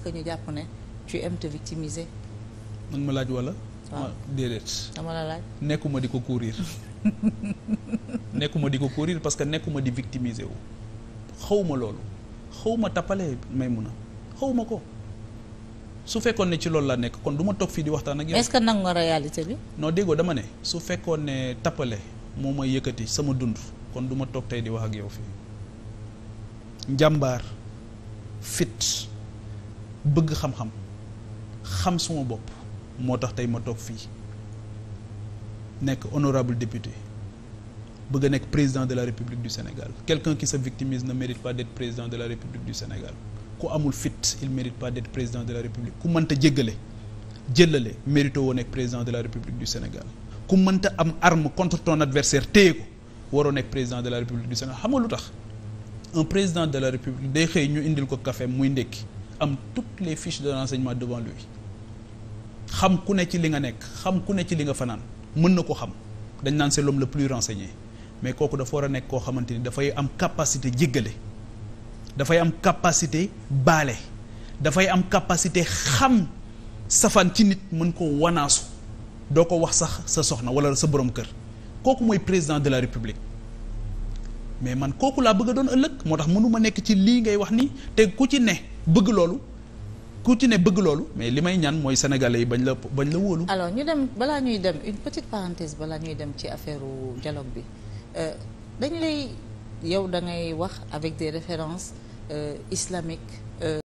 risque que ñu jàpp ne ci aimes te victimiser. man ma laaj wala. waaw déedéet. dama nekkuma di ko courir nekkuma di ko courir parce que nekkuma di victimiser wu. xawma loolu xawuma tappale may mun a xawma ko su fekkoon ne ci loolu la nekk kon du ma toog fii di waxtaan ak yow. est-ce que nangu nga réalité bi. non déggoo dama ne su fekkoon ne tappale moo may yëkkati sama dund kon duma ma tey di wax ak yow fii njàmbaar fit. bëgg xam-xam xam suma bopp moo tax tey ma toog fii nekk honorable député bëgg a nekk président de la République du Sénégal quelqu'un ki se victimise ne mérite pas d'être président de la République du Sénégal ku amul fit il mérite pas président de la République ku mënta jéggale jëllale mérito woo nekk président de la République du Sénégal ku mënta am arme contre ton adversaire téye ko waroon nekk président de la République du Sénégal xam lu tax un président de la République day xëy ñu indil ko café muy ndékki am toutes les fiches de renseignement devant lui xam ku ne ci li nga nekk xam ku ne ci li nga fanaan mën na ko xam dañ naan c'est l'homme le plus renseigné mais kooku dafa war a nekk koo xamante ni dafay am capacité jéggale dafay am capacité baale dafay am capacité xam safaan ci nit mën ko wanaasu doo ko wax sax sa soxna wala sa borom kër kooku mooy président de la république mais man kooku laa bëgg a doon ëllëg moo tax mënuma nekk ci lii ngay wax ni te ku ci ne bëgg loolu ku ci ne bëgg loolu mais li may ñaan mooy sénégalais yi bañ la bañ la wóolu. alors ñu dem balaa ñuy dem une petite parenthèse balaa ñuy dem ci affaire dialogue bi euh, dañ lay yow da ngay wax avec des références euh, islamiques. Euh,